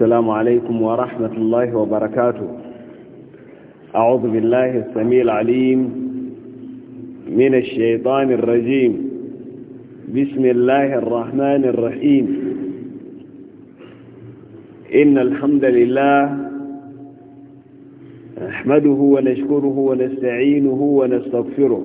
السلام عليكم ورحمة الله وبركاته أعوذ بالله السميع العليم من الشيطان الرجيم بسم الله الرحمن الرحيم إن الحمد لله نحمده ونشكره ونستعينه ونستغفره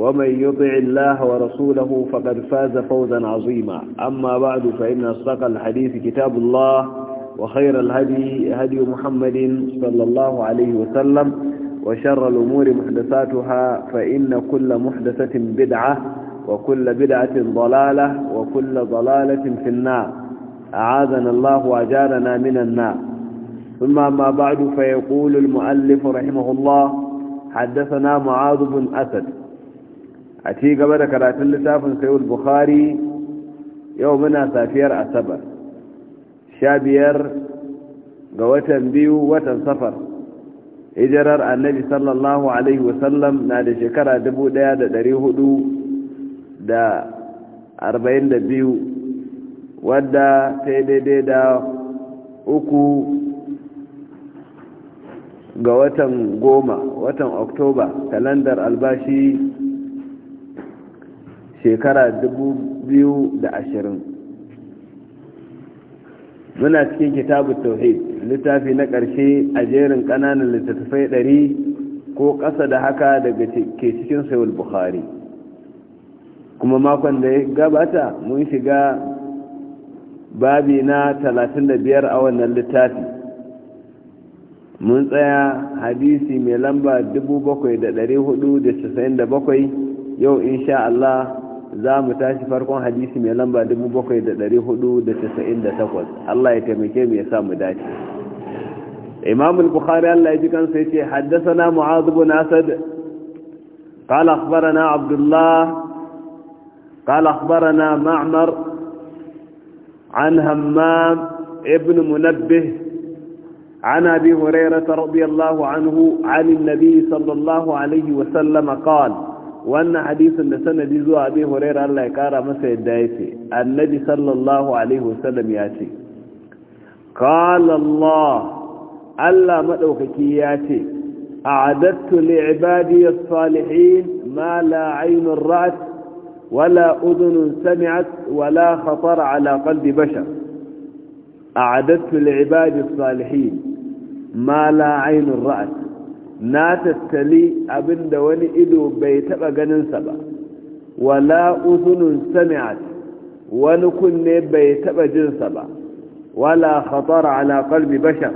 ومن يطع الله ورسوله فقد فاز فوزا عظيما أما بعد فإن أصدق الحديث كتاب الله وخير الهدي هدي محمد صلى الله عليه وسلم وشر الأمور محدثاتها فإن كل محدثة بدعة وكل بدعة ضلالة وكل ضلالة في النار أعاذنا الله وأجارنا من النار ثم ما بعد فيقول المؤلف رحمه الله حدثنا معاذ بن أسد a ci gaba da karatun littafin sayul bukhari yau muna safiyar asabar sha biyar ga watan biyu watan safar hijirar annabi sallallahu alaihi wasallam na da shekara dubu daya da dari hudu arba'in biyu wadda ta yi daidai da uku ga watan goma watan oktoba kalandar albashi shekara da ashirin. muna cikin kitabu tauhid littafi na ƙarshe a jerin ƙananan littattafai ɗari ko ƙasa da haka daga ke cikin sayul bukhari kuma makon da ya gabata mun shiga babi na biyar a wannan littafi mun tsaya hadisi mai lamba da hudu bakwai yau insha Allah za mu tashi farkon hadisi mai lamba 7498 Allah ya taimake mu ya sa mu dace Imam al-Bukhari Allah ya ji kansa yace haddathana Mu'adh ibn Asad qala akhbarana Abdullah qala akhbarana Ma'mar an Hammam ibn Munabbih عن أبي هريرة رضي الله عنه عن النبي صلى الله عليه وسلم قال wannan hadisin da sanadi zuwa abin huraira Allah ya kara masa yadda ya ce annabi sallallahu alaihi wasallam ya ce qala Allah Allah madaukaki ya ce a'adattu li'ibadi as-salihin ma la 'aynun ra'at wala udhunun sami'at wala khatara 'ala qalbi bashar a'adattu li'ibadi as-salihin ma la 'aynun ra'at na tattali abin da wani ido bai taɓa ganinsa ba wala uzunun sami'at wani kunne bai taɓa jinsa ba wala khatara ala qalbi bashar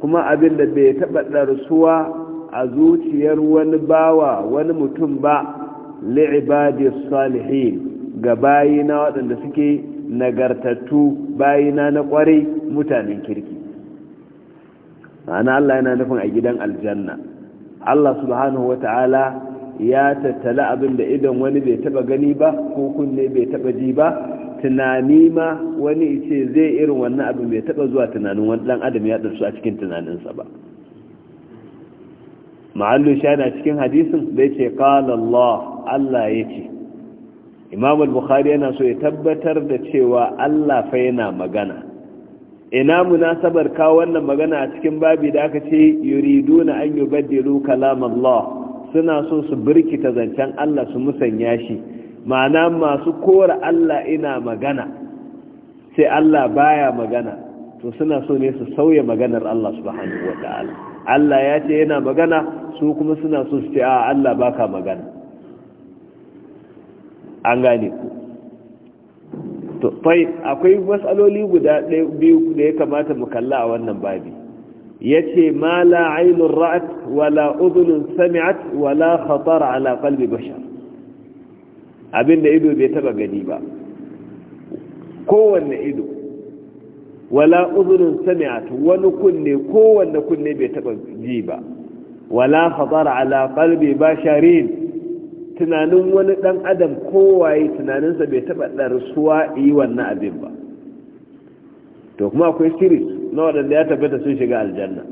kuma abin da bai taɓa ɗarsuwa a zuciyar wani bawa wani mutum ba li'ibadi salihin ga bayina waɗanda suke nagartattu bayina na ƙwarai mutanen kirki ma'ana Allah yana nufin a gidan aljanna Allah subhanahu wa ta'ala ya tattala abin da idan wani bai taba gani ba ko kunne bai taba ji ba tunani ma wani ce zai irin wannan abin bai taba zuwa tunanin wani dan adam ya darsu a cikin tunaninsa ba ma'allu shana cikin hadisin da yace qala Allah Allah yace Imam al-Bukhari yana so ya tabbatar da cewa Allah fa yana magana ina munasabar kawo wannan magana a cikin babi da aka ce na an yubaddilu kalam Allah suna so su birkita zancen Allah su musanya shi ma'ana masu kora Allah ina magana sai Allah baya magana to suna so ne su sauya maganar Allah subhanahu wata'ala Allah ya ce yana magana su kuma suna so su ce a Allah baka magana an gane ku to fai akwai matsaloli guda biyu da ya kamata mu kalla a wannan babi ya ce ma la ra'at wala udhun sami'at wala khatar ala qalbi bashar abinda ido bai taba gani ba kowanne ido wala udhun sami'at wani kunne kowanne kunne bai taba ji ba wala khatar ala qalbi basharin tunanin wani ɗan adam kowaye tunaninsa bai taɓa ɗarsuwa yi wannan abin ba to kuma akwai series na waɗanda ya tabbata sun shiga aljanna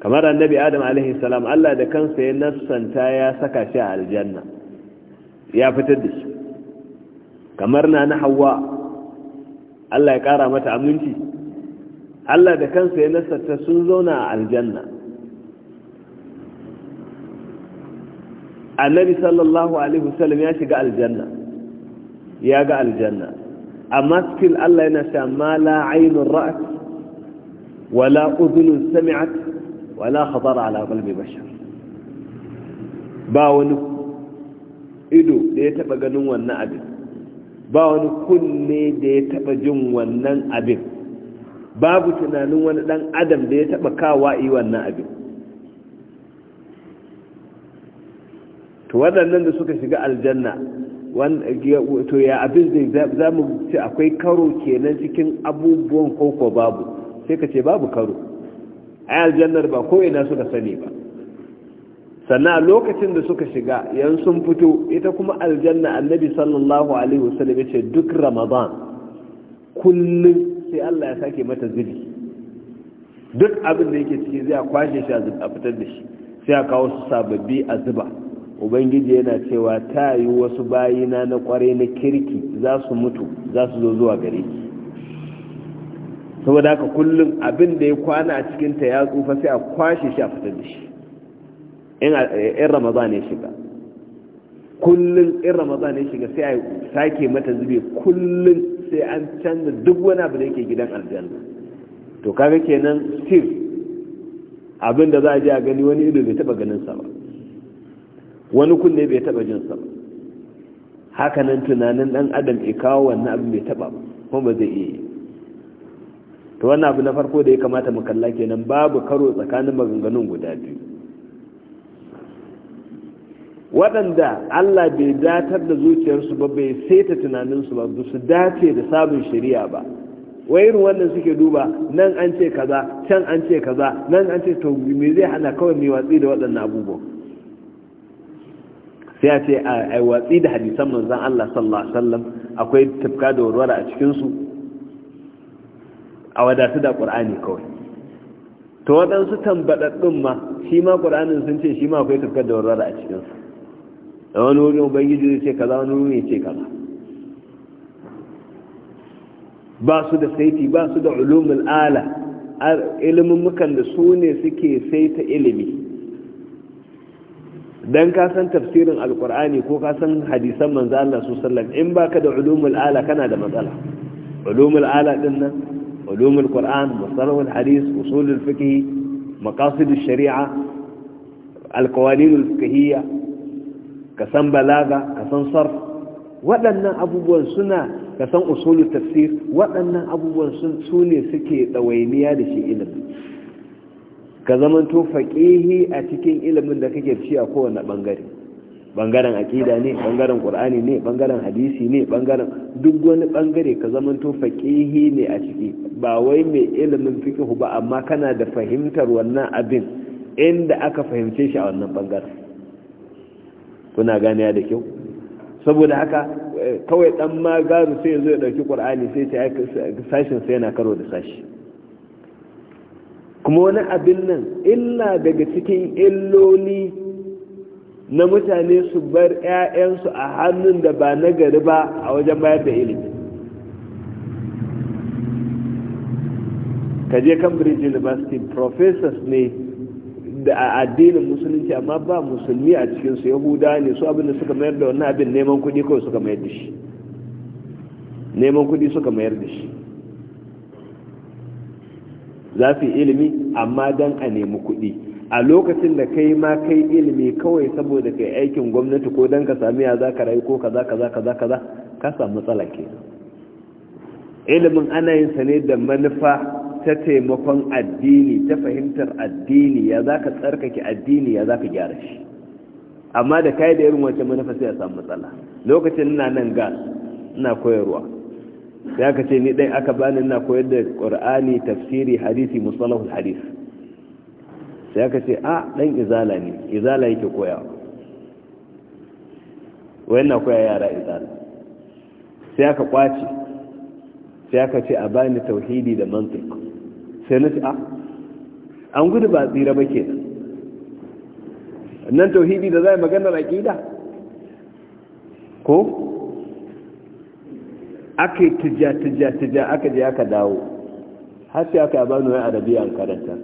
kamar annabi adam alaihi salam allah da kansa ya nassanta ya saka shi a aljanna ya fitar da shi kamar na na hawa allah ya ƙara mata aminci allah da kansa ya nassanta sun zauna a aljanna annabi sallallahu alaihi wasallam ya shiga aljanna ya ga aljanna amma cikin Allah yana sha ma la aynun ra'at wala udhunun sami'at wala khatara ala qalbi bashar ba wani ido da ya taba ganin wannan abin ba wani kunne da ya taba jin wannan abin babu tunanin wani dan adam da ya taba kawa yi wannan abin to waɗannan da suka shiga aljanna to ya abin zai za mu ce akwai karo kenan cikin abubuwan koko babu sai ka ce babu karo ai aljannar ba ko ina suka sani ba sannan lokacin da suka shiga yan sun fito ita kuma aljanna annabi sallallahu alaihi wasallam ya ce duk ramadan kullum sai Allah ya sake mata zubi duk abin da yake ciki zai kwashe shi a fitar da shi sai a kawo su sababbi a zuba ubangiji yana cewa ta yi wasu bayina na kwarai na kirki za su mutu za su zo zuwa gare ki saboda haka kullum abin da ya kwana a cikinta ya tsufa sai a kwashe shi a fitar da shi in ramadan ya shiga kullum in ramadan ya shiga sai a sake mata zube kullum sai an canza duk wani abu da yake gidan aljanna to kaga kenan sir abin da za a je a gani wani ido bai taba ganin sa ba wani kunne bai taba jin sa haka nan tunanin dan adam ya kawo wannan abu bai taba kuma ba zai iya to wannan abu na farko da ya kamata mu kalla kenan babu karo tsakanin maganganun guda biyu waɗanda Allah bai datar da zuciyarsu ba bai saita tunaninsu ba ba su dace da sabon shari'a ba wai irin wannan suke duba nan an ce kaza can an ce kaza nan an ce to me zai hana kawai mai watsi da waɗannan abubuwan sai a ce a watsi da hadisan manzan Allah sallallahu alaihi wasallam akwai tafka da warware a cikinsu a wadatu da qur'ani kawai to waɗansu tambaɗaɗɗun ma shi ma qur'anin sun ce shi ma akwai tafka da warware a cikinsu da wani wuri ubangiji zai ce kaza wani wuri ya ce kaza ba su da saiti ba su da ulumul ala ilimin mukan da su ne suke saita ilimi dan ka san tafsirin alkur'ani ko ka san hadisan manzo Allah su sallam in baka da ulumul ala kana da matsala ulumul ala din nan ulumul qur'an mustalahul hadis usulul fiqh maqasid sharia alqawanin fiqhiyya ka san balaga ka san sarf waɗannan abubuwan suna ka san usulul tafsir waɗannan abubuwan su ne suke dawainiya da shi ilimi ka zamanto faƙihi a cikin ilimin da kake ci a kowane ɓangare ɓangaren aƙida ne ɓangaren ƙur'ani ne ɓangaren hadisi ne ɓangaren duk wani ɓangare ka zamanto faƙihi ne a ciki ba wai mai ilimin fiƙihu ba amma kana da fahimtar wannan abin inda aka fahimce shi a wannan ɓangaren kuna ganiya da kyau saboda haka eh, kawai ɗan ma garu sai ya zo ya ɗauki ƙur'ani sai ta yi sashinsa yana karo da sashi kuma wani abin nan illa daga cikin illoli na mutane su bar 'ya'yansu a hannun da ba na gari ba a wajen bayar da ilimi kaje cambridge university professors ne da a addinin musulunci amma ba musulmi a cikinsu yahuda ne su abin da suka mayar da wannan abin neman kudi kawai suka mayar da shi neman kudi suka mayar da shi za su yi ilimi amma don a nemi kuɗi a lokacin da kai ma kai ilimi kawai saboda kai aikin gwamnati ko don ka sami ya za ka rayu ko kaza kaza kaza kaza ka samu matsala ke ilimin ana yin sa ne da manufa ta taimakon addini ta fahimtar addini ya za ka tsarkake addini ya za ka gyara shi amma da kai da irin wancan manufa sai a samu matsala lokacin ina nan ga ina koyarwa sai aka ce ni dai aka bani ina koyar da qur'ani tafsiri hadisi musalahul hadis sai aka ce a ah, dan izala ne izala yake koyawa wayan na koya yara izala sai aka kwace sai aka ce a bani tauhidi da mantiq sai na ce a ah, an gudu ba tsira ba ke nan tauhidi da zai maganar aqida ko aka yi tijja tijja tijja aka je aka dawo har sai aka bani nuna arabiya a karanta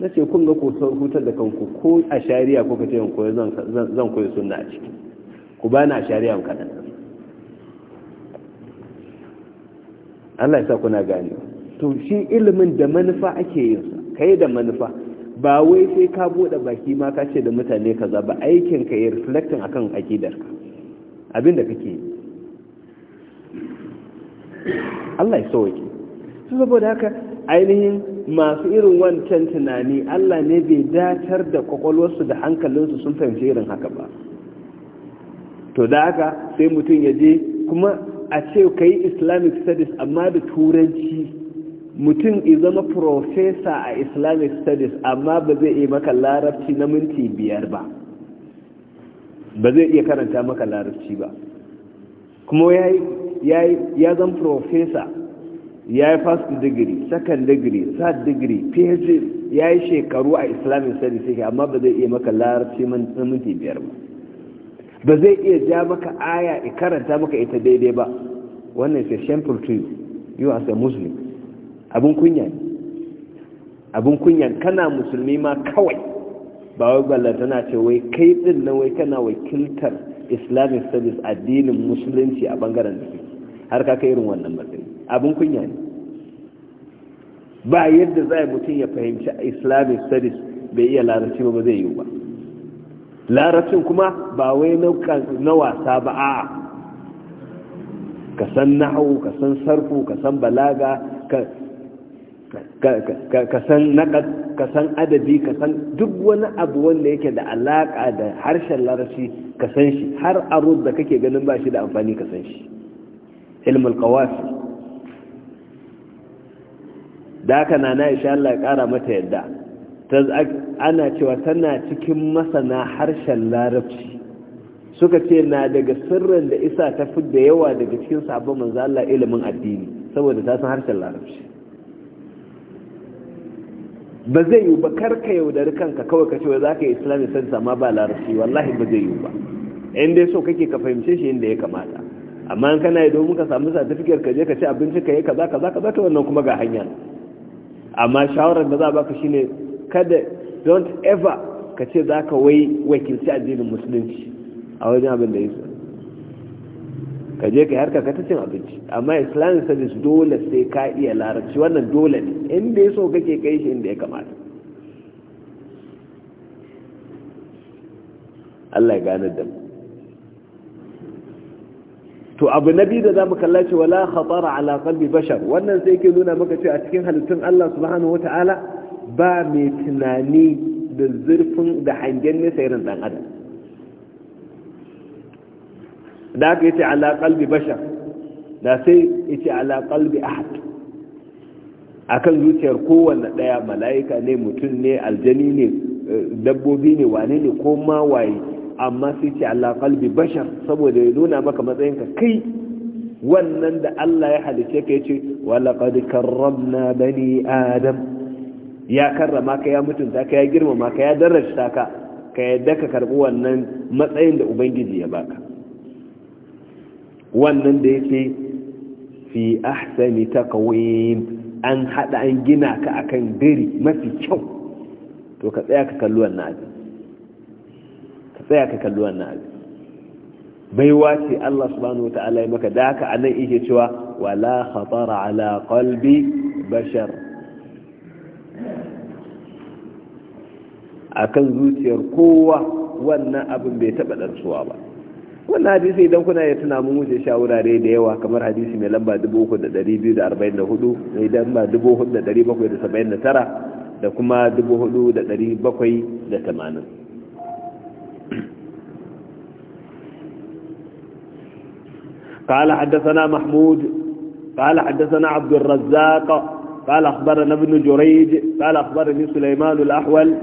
na ce kun ga ku hutar da kanku ko a shari'a ko kace in zan koyi suna a ciki ku bani a shari'a a karanta Allah ya kuna gane to shi ilimin da manufa ake yin sa kai da manufa ba wai sai ka bude baki ma ka ce da mutane ka zaba aikin ka yi reflecting akan akidarka abin da kake yi Allah ya su saboda haka ainihin masu irin wancan tunani Allah ne bai datar da kwakwalwarsu da hankalinsu sun fahimci irin haka ba to da haka sai mutum ya je kuma a ce ka yi islamic studies amma da turanci mutum zama profesa a islamic studies amma ba zai iya maka larabci na minti biyar ba ba zai iya karanta maka larabci ba kuma ya yi ya zan profesa ya yi first degree second degree third degree phd ya yi shekaru a islamic studies yake amma ba zai iya maka larabci minti biyar ba ba zai iya ja maka aya i karanta maka ita daidai ba wannan is a shameful to you you as a muslim abin kunya ne abin kunya kana musulmi ma kawai ba wai balla tana ce wai kai din na wai kana wakiltar islamic studies addinin musulunci a bangaren da har ka kai irin wannan matsayi abin kunya ne ba yadda za yi mutum ya fahimci islamic studies bai iya larabci ba zai yiwu ba larabcin kuma ba wai na wasa ba a ka san nahu ka san sarfu ka san balaga ka san naƙad adabi ka san duk wani abu wanda yake da alaƙa da harshen larashi ka san shi har arut da kake ganin ba shi da amfani ka san shi ilmul qawafi da haka na insha Allah ya kara mata yadda ana cewa tana cikin masana harshen larabci suka ce na daga sirrin da isa ta fi da yawa daga cikin sabon manzo ilimin addini saboda ta san harshen larabci ba zai yi ba karka yaudari kanka kawai ka ce za ka yi islamic sense amma ba larabci wallahi ba zai yi ba in dai so kake ka fahimce shi inda ya kamata amma in kana yi domin ka samu certificate ka je ka ci abinci ka yi kaza kaza ta wannan kuma ga hanya amma shawarar da za a baka shine kada don't ever ka ce za ka wai wakilci addinin musulunci a wajen abin da yasa ka je ka harka ka ta cin abinci amma islamic studies dole sai ka iya larabci wannan dole ne inda ya so kake kai shi inda ya kamata Allah ya ganar da mu to abu na biyu da za mu kalla ce wala khatara ala qalbi bashar wannan sai yake nuna maka ce a cikin halittun Allah subhanahu wata'ala ba mai tunani da zurfin da hangen nesa irin dan adam da aka yace ala qalbi bashar da sai yace ala qalbi ahad akan zuciyar kowanne daya mala'ika ne mutum ne aljani ne eh, dabbobi ne wane ne ko ma waye amma sai ce Allah kalbi bashar saboda ya nuna maka matsayinka kai wannan da Allah ya halice ka yace walaqad karramna bani adam ya karrama ka ya mutunta ka ya girmama ka ya darajta ka ka yadda ka karbi wannan matsayin da ubangiji ya baka wannan da yake fi ahsani taqwim an haɗa an gina ka akan gari mafi kyau to ka tsaya ka kalli wannan abin tsaya ka kalli wannan abin baiwa ce Allah subhanahu wa ta'ala ya maka da haka anan yake cewa wala khatara ala qalbi bashar akan zuciyar kowa wannan abin bai taba dantsuwa ba wannan hadisi idan kuna ya tuna mun wuce shawarare da yawa kamar hadisi mai lamba 3244 mai lamba 4779 da kuma 4780 قال حدثنا محمود قال حدثنا عبد الرزاق قال أخبرنا ابن جريج قال أخبرني سليمان الأحول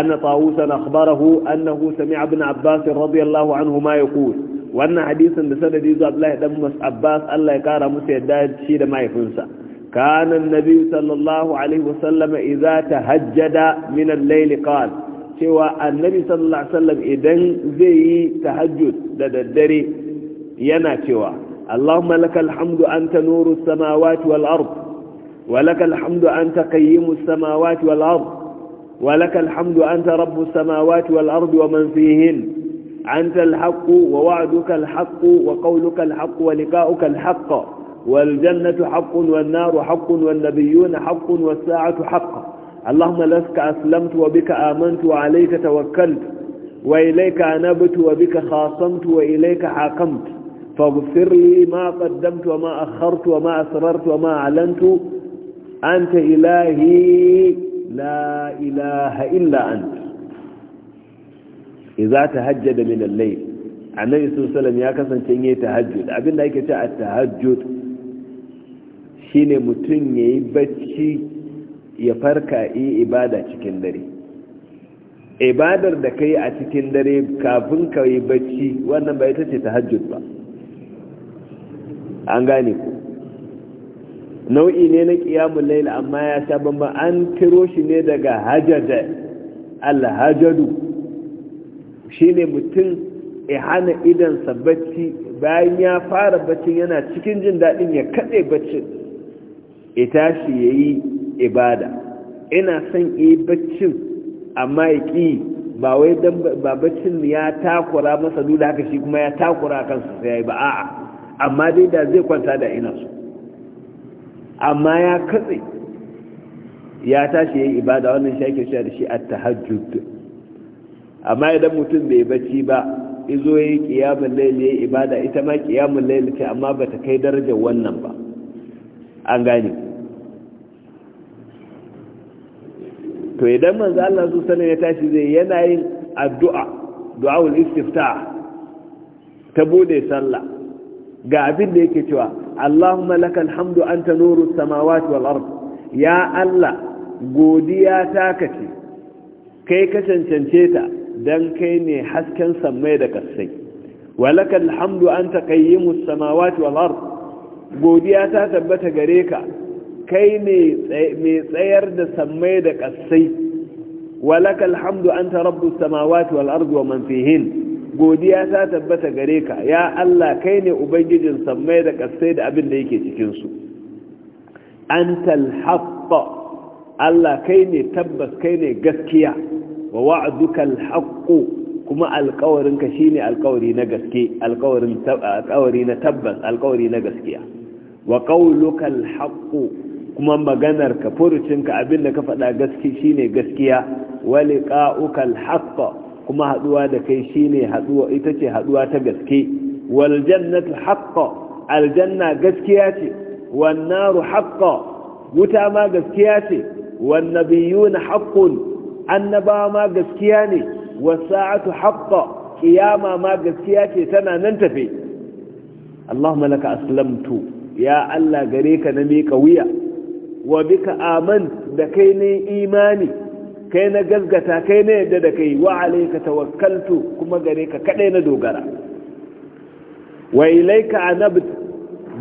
أن طاووسا أخبره أنه سمع ابن عباس رضي الله عنهما يقول وأن حديثا بسند يزو عبد الله دم عباس الله يكار مسيداد شيد ما يفنسى كان النبي صلى الله عليه وسلم إذا تهجد من الليل قال سوى النبي صلى الله عليه وسلم إذن زي تهجد لدى الدري ينا سوى اللهم لك الحمد أنت نور السماوات والأرض ولك الحمد أنت قيم السماوات والأرض ولك الحمد أنت رب السماوات والأرض ومن فيهن أنت الحق ووعدك الحق وقولك الحق ولقاؤك الحق والجنة حق والنار حق والنبيون حق والساعة حق اللهم لك أسلمت وبك آمنت وعليك توكلت وإليك أنبت وبك خاصمت وإليك حاكمت فاغفر لي ما قدمت وما أخرت وما أسررت وما أعلنت أنت إلهي لا إله إلا أنت إذا تهجد من الليل النبي صلى الله عليه ya kasance yayi tahajjud abinda ake ce at-tahajjud shine mutum yayi bacci ya farka yi ibada cikin dare ibadar da kai a cikin dare kafin ka yi bacci wannan ba ita ce tahajjud ba an gane ku nau'i ne na ƙiyamun laila amma ya sha bamba an kiro shi ne daga hajjada alhajjadu shi ne mutum ya hana idansa bacci bayan ya fara baccin yana cikin jin daɗin ya kaɗe baccin ya tashi ya yi ibada ina son yi baccin amma ya ƙi ba wai don baccin ya takura masa duk da haka shi kuma ya takura kansa sai ya ba a'a amma dai da zai kwanta da ina su, amma ya katse ya tashi ya yi ibada wannan shi ake da shi a tahajjud amma idan mutum bai bacci ba izo ya yi kiyamun laili ibada ita ma kiyamun laili ce amma ba ta kai darajar wannan ba an gane to idan manzo Allah su sanin ya tashi zai yana yin addu'a du'a ul istifta ta bude sallah ga abin da yake cewa Allahumma lakal alhamdu anta nuru samawati wal ard ya Allah godiya ta kace kai ka cancance ta dan kai ne hasken samai da kasai walakal hamdu anta qayyimus samawati wal ard godiya ta tabbata gare ka kai ne mai tsayar da samai da kasai walakal alhamdu anta rabbus samawati wal ard wa man fihin godiya ta tabbata gare ka ya Allah kai ne ubangijin sammai da kasai da abin da yake cikinsu antal haqqa Allah kai ne tabbas kai ne gaskiya wa wa'duka alhaqqu kuma alƙawarinka shine alƙawari na gaske alƙawarin alƙawari na tabbas alƙawari na gaskiya wa qawluka alhaqqu kuma maganar ka furucinka abin da ka faɗa gaske shine gaskiya wa liqa'uka alhaqqa kuma haduwa da kai shi haduwa ita ce haduwa ta gaske waljannatu jannatu aljanna gaskiya ce wannaru naru wuta ma gaskiya ce wan nabiyuna haqqun annaba ma gaskiya ne was sa'atu ƙiyama ma gaskiya ce tana nan tafe Allahumma laka aslamtu ya Allah gare ka na miƙa wuya wa bika aman da kai ne imani kai na gazgata kai na yadda da kai wa alayka tawakkaltu kuma gare ka kadai na dogara wa ilayka anabt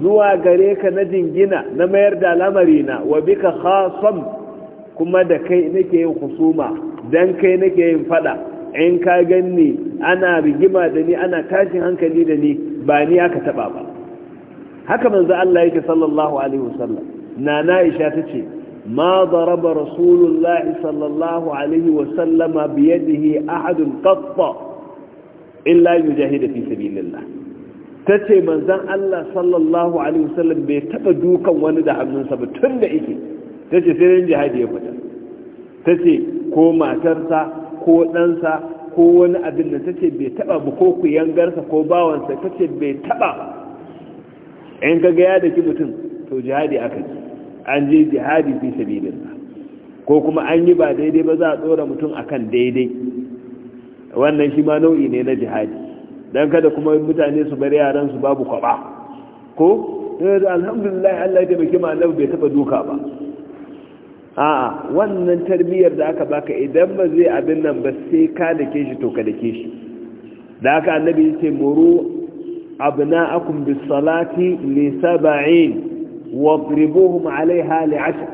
zuwa gare ka na jingina, na mayar da lamarina wa bika khasam kuma da kai nake yin husuma dan kai nake yin fada in ka ganni ana rigima da ni ana tashin hankali da ni ba ni aka taba ba haka manzo Allah yake sallallahu alaihi wasallam nana Aisha tace ما ضرب رسول الله صلى الله عليه وسلم بيده أحد قط إلا يجاهد في سبيل الله تتي من ذن الله صلى الله عليه وسلم بيتبدوكا وندع من سبتن لإيكي تتي سيرين جهاد يفتا تتي كو ما ترسى كو ننسى ko wani abin da tace bai taba ba ko ku yangarsa ko bawansa tace bai taba in kaga ya daki mutum to jihadi aka ji an je jihadi fi sabilillah ko kuma an yi ba daidai ba za a tsora mutum akan daidai wannan shi ma nau'i ne na jihadi dan kada kuma mutane su bari yaran su babu kwaba ko eh, alhamdulillah Allah ya taimake mu annabi bai taba duka ba 'a wannan tarbiyyar da aka baka idan ba zai abin nan ba sai ka dake shi to ka dake shi da aka annabi yace muru abna'akum bis salati li sab'in واضربوهم hali لعشر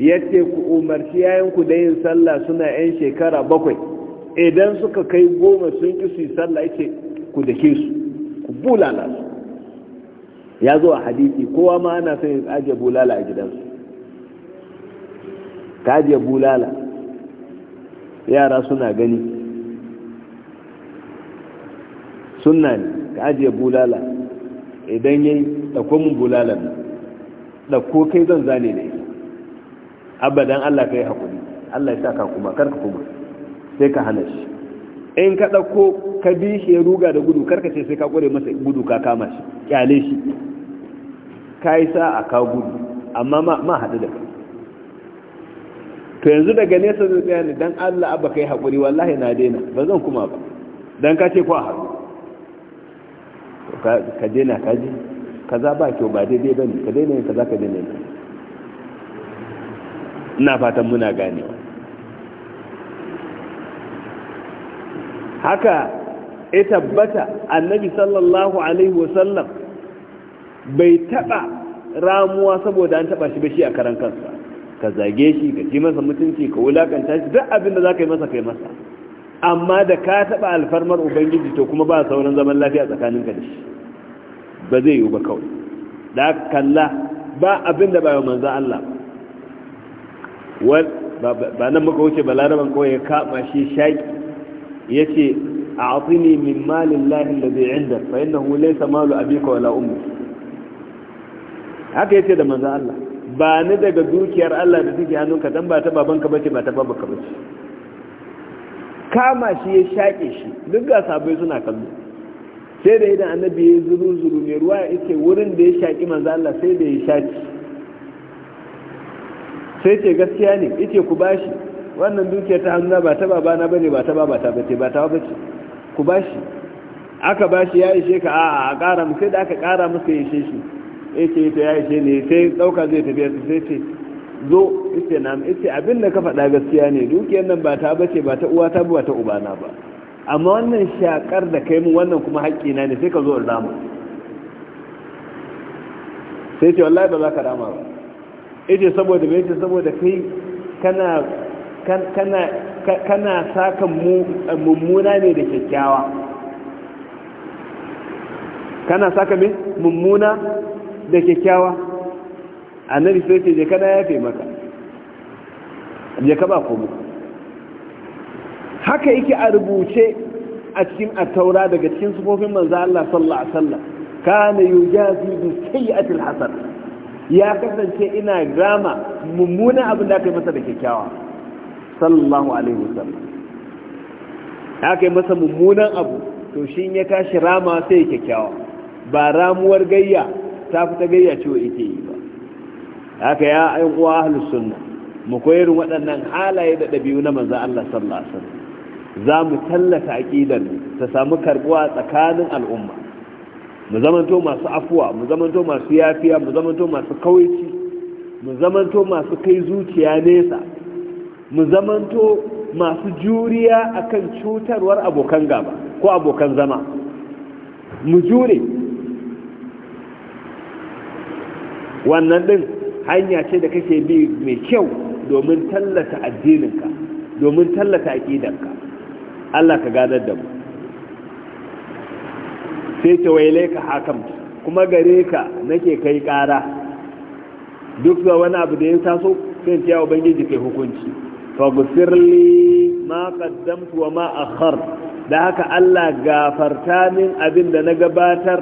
yace ku umarci ku da yin sallah suna yan shekara bakwai idan suka kai goma sun ki su yi sallah yace ku dake su ku bulala su ya zo a hadisi kowa ma ana son yin ajiye bulala a gidansu ka ajiye bulala yara suna gani sunna ne ka ajiye bulala idan yayi da kuma bulalan ne. da ko kai zan zane ne abadan Allah ka yi Allah ya sa ka kuma karka kuma sai ka hana shi in ka dauko ka bi shi ya ruga da gudu karka ce sai ka ƙware masa gudu ka kama shi kyale shi ka yi sa'a ka gudu amma ma haɗu da kai to yanzu daga nesa zai tsaya ne dan Allah abba ka yi wallahi na daina ba zan kuma ba Dan ka ce ko a haɗu ka daina ka ji kaza ba kyau ba daidai ba ne ka daina yin kaza ka daina yin ina fatan muna ganewa haka ya tabbata annabi sallallahu alaihi wasallam bai taba ramuwa saboda an taba shi ba shi a karan kansa ka zage shi ka ji masa mutunci ka wulakanta shi duk abin da za ka yi masa kai masa amma da ka taba alfarmar ubangiji to kuma ba sauran zaman lafiya tsakaninka da shi ba zai yi ba kawai da kalla ba abin da bayan yi manza Allah ba nan muka wuce ba laraban kawai ya kama shi shaƙi ya ce a afini min malin lahin da zai inda fa yin na hulai samalu abika wala umu haka ya ce da manza Allah ba ni daga dukiyar Allah da suke hannunka don ba ta ka bace ba ta ka bace kama shi ya shaƙe shi duk ga sabai suna kallo sai da idan annabi ya zuru zuru mai ruwa ya ce wurin da ya shaƙi manzo Allah sai da ya shaki sai ce gaskiya ne yace ku bashi wannan dukiyar ta hannu ba ta babana bane ba ta ta bace ba ta bace ku bashi aka bashi ya ishe ka a'a a ƙara mu sai da aka ƙara masa ya ishe shi yace to ya ishe ne sai dauka zai tafiya sai ce zo yace na yace abin da ka faɗa gaskiya ne dukiyar nan ba ta bace ba ta uwa ta ba ta ubana ba amma wannan shakar da kai mun wannan kuma haƙƙi na ne sai ka zo rama sai ce wallahi ba za ka rama ba ije saboda mai ce saboda kai kana kana kana saka mummuna ne da kyakkyawa kana saka min mummuna da kyakkyawa annabi sai ce je kana yafe maka je ka ba komai haka yake a rubuce a cikin attaura daga cikin sufofin manzo Allah sallallahu alaihi wasallam kana yujazi bi sayyi'atil hasan ya kasance ina gama mummunan abin da aka masa da kyakkyawa sallallahu alaihi wasallam aka yi masa mummunan abu to shi ya tashi rama sai ya kyakkyawa ba ramuwar gayya ta fita gayya ciwo ita yi ba haka ya ayin uwa ahlus sunna mu koyar waɗannan halaye da ɗabi'u na manzo Allah sallallahu alaihi wasallam za mu tallata aƙidar ta samu karbuwa tsakanin al'umma mu zamanto masu afuwa mu zamanto masu yafiya mu zamanto masu kawaici mu zamanto masu kai zuciya nesa mu zamanto masu juriya akan cutarwar abokan gaba ko abokan zama mu jure wannan din hanya ce da kake bi mai kyau domin tallata addininka domin tallata ka. Allah ka ganar da mu sai ta waile ka hakam kuma gare ka nake kai kara duk da wani abu da ya taso sai ta yawo bangiji kai hukunci faghfirli ma kaddamtu wa ma akhar da haka Allah gafarta min abin da na gabatar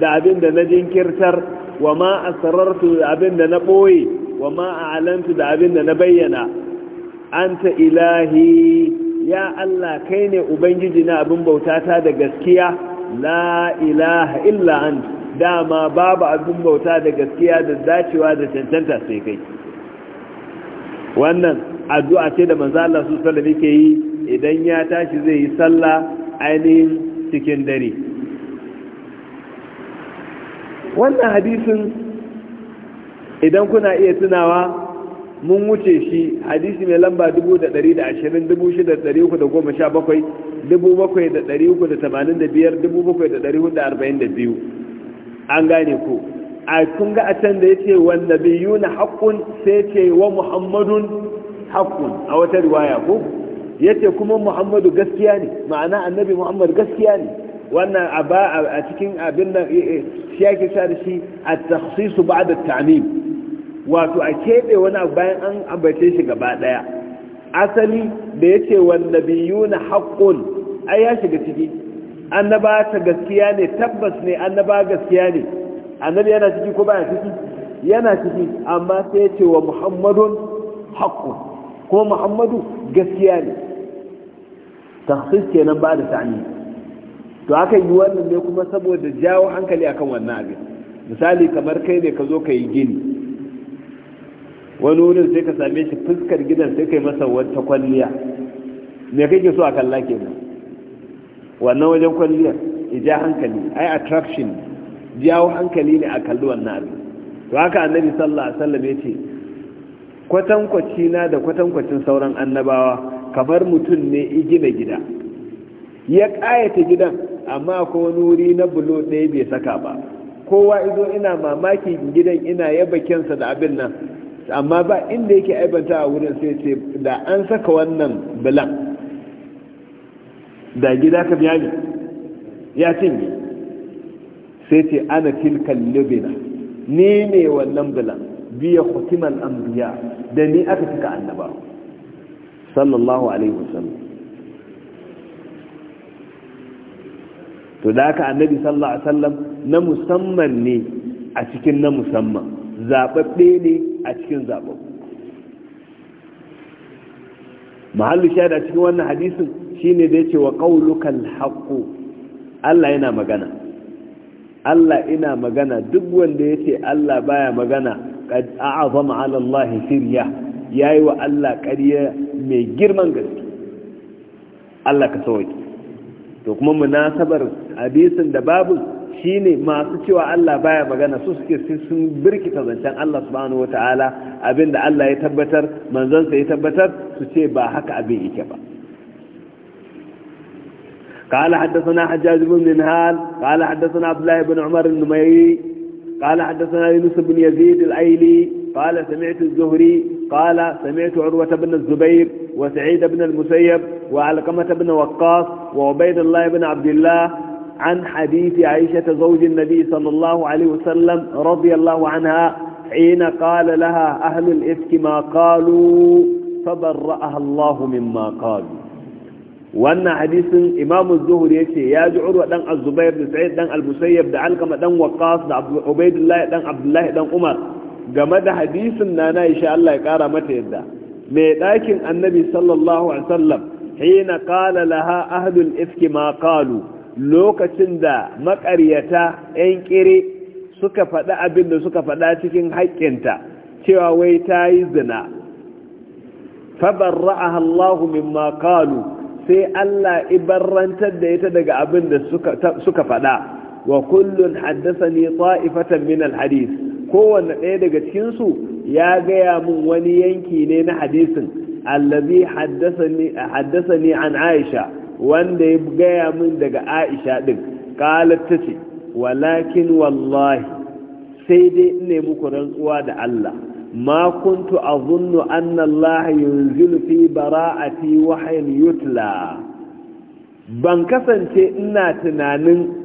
da abin da na jinkirtar wa ma asrartu da abin da na boye wa ma a'lantu da abin da na bayyana anta ilahi ya Allah kai ne ubangiji na abin bautata da gaskiya la ilaha illa anta dama babu abin bauta da gaskiya da dacewa da cancanta sai kai wannan addu'a ce da manzo Allah su sallame ke yi idan ya tashi zai yi sallah ainihin cikin dare wannan hadisin idan kuna iya tunawa mun wuce shi hadisi mai lamba 720,317,385,742 an gane ku a kun ga a can da ya ce wanda biyu na haƙƙun sai ce wa muhammadun haƙƙun a wata riwaya ko ya ce kuma muhammadu gaskiya ne ma'ana annabi Muhammadu gaskiya ne wannan a cikin abin eh, eh, da shi yake sa da shi a taksisu ba da ta'amim wato a keɓe wani abu bayan an ambace shi gaba ɗaya asali da ya ce wanda biyu na haƙƙun ai ya shiga ciki annaba ta gaskiya ne tabbas ne annaba gaskiya ne annabi yana ciki ko baya ciki yana ciki amma sai ya ce wa muhammadun haƙƙun kuma muhammadu gaskiya ne tafsir kenan ba da ta'ani to aka yi wannan ne kuma saboda jawo hankali akan wannan abin misali kamar kai ne ka zo ka yi gini wani wurin sai ka same shi fuskar gidan sai kai masa wata kwalliya me kake so a kalla nan wannan wajen kwalliyar ya ja hankali ai attraction jawo hankali ne a kalli wannan abin to haka annabi sallallahu alaihi wasallam yace kwatankwaci na da kwatankwacin sauran annabawa kamar mutum ne igina gida ya kayata gidan amma akwai wani wuri na bulo ɗaya bai saka ba kowa izo ina mamaki gidan ina yaba bakinsa da abin nan amma ba inda yake aibanta a wurin sai ce da an saka wannan bilan. da gida ka biya ne ya cinye sai ce ana tilkan libina ni ne wannan bulan biya hukiman ambiya da ni aka cika annaba sallallahu alaihi wasallam to da aka annabi sallallahu alaihi wasallam na musamman ne a cikin na musamman zaɓaɓɓe ne a cikin zaɓaɓɓu mahallu shaida cikin wannan hadisin shine da yace wa qaulukan haqqu Allah yana magana Allah ina magana duk wanda yace Allah baya magana qad azama 'ala Allah sirya yayi wa Allah ƙarya mai girman gaske Allah ka sauki to kuma munasabar hadisin da babu shi ne masu cewa Allah baya magana su suke sun birkita zancen Allah subhanahu wa wata'ala abinda Allah ya tabbatar manzansa ya tabbatar su ce ba haka abin yake ba قال حدثنا حجاج بن منهال قال حدثنا عبد الله بن عمر النميري قال حدثنا يونس بن يزيد الايلي قال سمعت الزهري قال سمعت عروة بن الزبير وسعيد بن المسيب وعلقمة بن وقاص وعبيد الله بن عبد الله عن حديث عائشة زوج النبي صلى الله عليه وسلم رضي الله عنها حين قال لها أهل الإفك ما قالوا فبرأها الله مما قالوا وأن حديث إمام الزهر يكي يا جعر ودن الزبير بن سعيد دن المسيب دن علقمة دن وقاص دن عبيد الله دن عبد الله دن عمر game da hadisin nana insha Allah ya kara mata yadda mai ɗakin annabi sallallahu alaihi wasallam hina qala laha ahlul ifki ma qalu lokacin da makaryata 'yan kere suka faɗi abin da suka faɗa cikin haƙƙinta cewa wai ta yi zina fabarra'aha Allahu min maƙalu sai Allah ibarrantar da ita daga abin da suka faɗa wa kullun ne ta'ifatan min al kowane kowanne ɗaya daga cikin ya gaya mun wani yanki ne na hadisin allazi haddasa ne an Aisha wanda ya gaya min daga aisha din qalat tace walakin wallahi sai dai ne muku rantsuwa da Allah ma kuntu azunnu anna Allah yunzilu fi bara'ati wahyin yutla ban kasance ina tunanin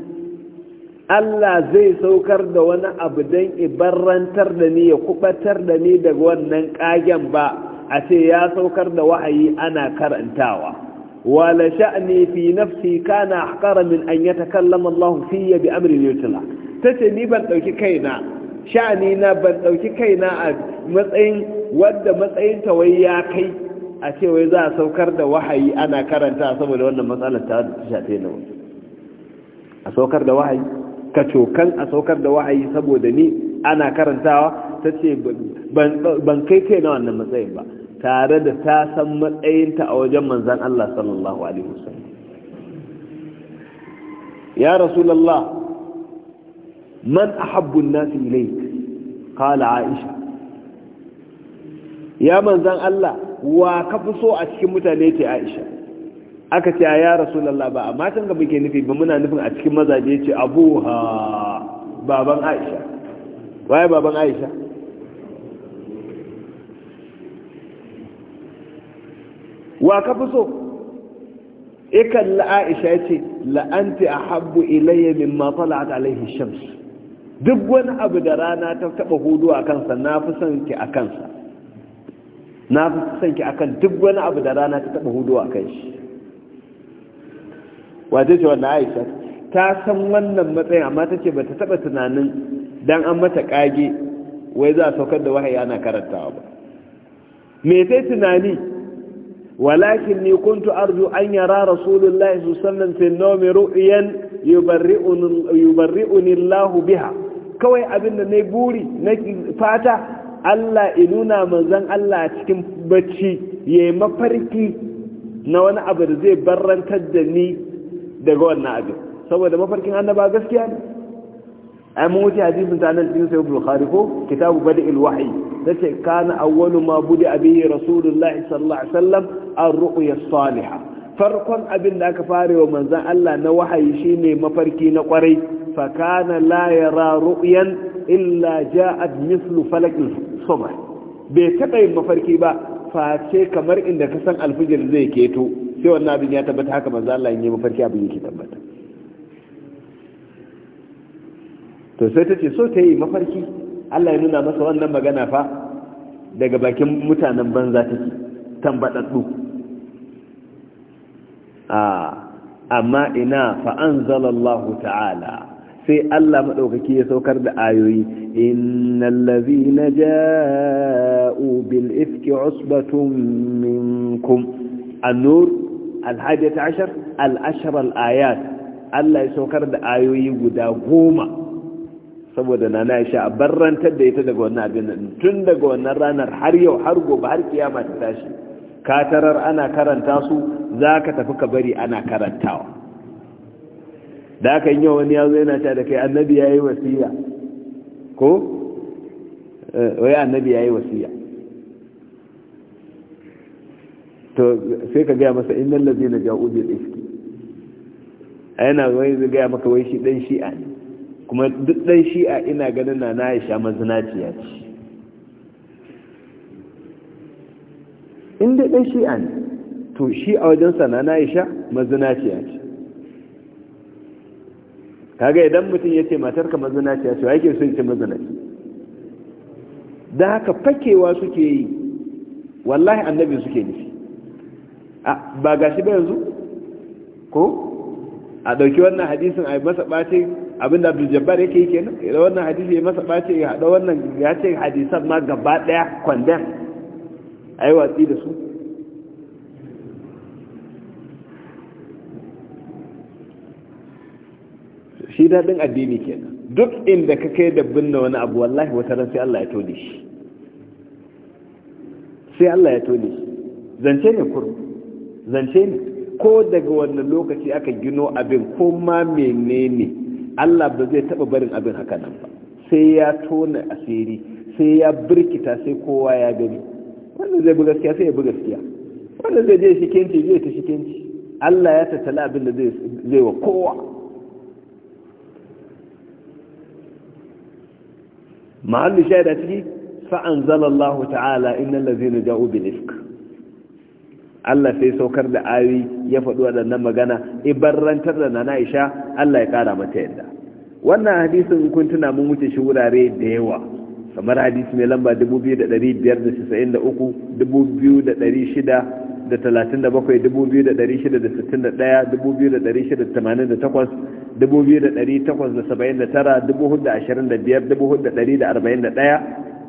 Allah zai saukar da wani abu don ibarrantar da ni ya kubatar da ni daga wannan kagen ba a ce ya saukar da wahayi ana karantawa wala sha'ni fi nafsi kana ahqara min an yatakallama Allah fiyya bi amrin yutla tace ni ban dauki kaina sha'ani na ban dauki kaina a matsayin wanda matsayin ta wai ya kai a ce wai za a saukar da wahayi ana karanta saboda wannan matsalar ta ta shafe ni a saukar da wahayi ka cokan a saukar da wahayi saboda ni ana karantawa tace ban kai kaina wannan matsayin ba tare da ta san matsayinta a wajen manzan Allah sallallahu alaihi wasallam ya Rasulallah, man a an nasi ilai, kala aisha ya manzan Allah wa fi so a cikin mutane ce aisha aka ce ya Rasulallah ba a matan gaba ke nufi ba muna nufin a cikin mazaje ce ha baban aisha waye baban aisha wa ka fi so ikan la'aisha ya ce la'anti a habbu ilayya min matsala a alaihi shams duk wani abu da rana ta taba hudu a kansa na fi son ki a kansa na fi son ki a kan duk wani abu da rana ta taba hudu a kan shi wata ce wannan aisha ta san wannan matsayin amma ta ce ba ta taba tunanin dan an mata kage wai za a saukar da wahayi ana karantawa ba me sai tunani walakin ni kuntu arzu an yara rasulullahi sallallahu alaihi wasallam ru'yan yubarri'uni Allahu biha kawai abin da nayi buri na fata Allah inuna manzon Allah cikin bacci yayi mafarki na wani abu da zai barrantar da ni daga wannan abin saboda mafarkin annaba gaskiya ne ai mun wuce hadisin ta nan cikin sayyid bukhari ko kitabu bada'il wahyi tace kana awwalu ma budi abihi rasulullahi sallallahu alaihi wasallam ar-ru'ya as-salihah farkon abin da aka fare wa manzan Allah na wahayi shine mafarki na kwarai fa kana la yara ru'yan illa ja'at mithlu falak as bai taɓa yin mafarki ba face kamar inda ka san alfijir zai keto sai wannan abin ya tabbata haka manzon Allah ya yi mafarki abin yake tabbata to sai ta ce so ta yi mafarki Allah ya nuna masa wannan magana fa daga bakin mutanen banza take tambadaddu amma ina fa anzalallahu ta'ala sai Allah ɗaukaki ya saukar da ayoyi innal ladhina ja'u bil ifki usbatun minkum nur al-hadiyata ashar al-ashar al-ayat Allah ya saukar da ayoyi guda goma saboda na na isha a barrantar da ita daga wannan abin nan tun daga wannan ranar har yau har gobe har kiyama ta tashi ka tarar ana karanta su za ka tafi ka bari ana karantawa da aka yi wani yazo yana ta da kai annabi ya yi wasiya ko eh, wai annabi ya yi wasiya to sai ka gaya masa innal ladina na ja'u bil iski a wai zai gaya maka wai shi dan shi'a ne kuma duk ɗan shi'a ina ganin na na ya sha mazinaciya ce inda ɗan shi'a ne to shi a wajensa na na ya sha mazinaciya ce kaga idan mutum ya ce matarka mazinaciya ce wa yake so ya ce mazinaciya da haka fakewa suke yi wallahi annabi suke nufi ba gashi ba yanzu ko a ɗauki wannan hadisin a yi masa ɓacin abinda abdul jabbar yake yi kenan idan wannan hadisi ya masa ɓace ya haɗa wannan ya ce hadisan ma gaba ɗaya kwandon yi watsi da su shi daɗin addini kenan duk inda ka kai da binne wani abu wallahi wata ran sai Allah ya tone shi sai Allah ya tone shi zance ne kur zance ne ko daga wannan lokaci aka gino abin ko ma menene Allah ba zai taba barin abin haka nan ba sai ya tona asiri sai ya birkita sai kowa ya gani wannan zai bi gaskiya sai ya bi gaskiya wannan zai je shikenci zai ta shikenci Allah ya tattala abin da zai wa kowa mahallin shaida ciki fa'an zalallahu ta'ala inna lazina ja'u bil ifk Allah sai saukar da ayoyi ya faɗi waɗannan magana ibarrantar da nana Aisha Allah ya ƙara mata yadda wannan hadisin kun tuna mun wuce shi wurare da yawa kamar hadisi mai lamba 2593 da talatin da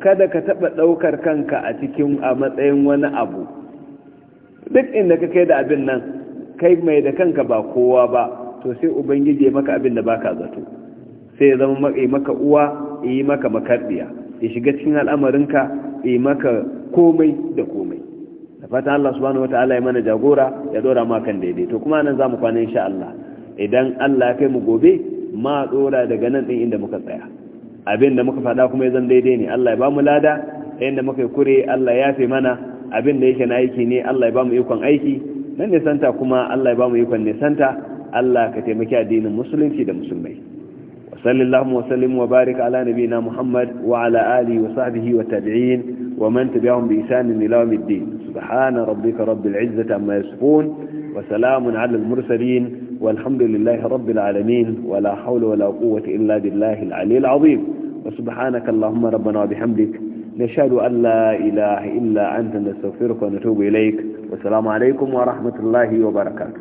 kada ka taɓa ɗaukar kanka a cikin a matsayin wani abu duk inda ka kai da abin nan kai mai da kanka ba kowa ba to sai ubangiji ya maka abin da baka zato sai ya zama maka uwa yi maka makarbiya ya shiga cikin al'amarinka yi maka komai da komai da fatan Allah subhanahu wataala ya mana jagora ya dora ma kan daidai to kuma nan zamu kwana insha Allah idan Allah ya kai mu gobe ma dora daga nan din inda muka tsaya abin da muka faɗa kuma ya zan daidai ne Allah ya ba mu lada yayin muka yi kure Allah ya fi mana abin da yake na aiki ne Allah ya ba mu ikon aiki na nisanta kuma Allah ya ba mu ikon nisanta Allah ka taimaki addinin musulunci da musulmai wa sallallahu wa sallim wa barika ala nabiyina Muhammad wa ala alihi wa sahbihi wa tabi'in wa man tabi'ahum bi ihsanin ila subhana rabbika rabbil izzati amma yasifun wa salamun ala al mursalin والحمد لله رب العالمين ولا حول ولا قوة إلا بالله العلي العظيم وسبحانك اللهم ربنا وبحمدك نشهد أن لا إله إلا أنت نستغفرك ونتوب إليك والسلام عليكم ورحمة الله وبركاته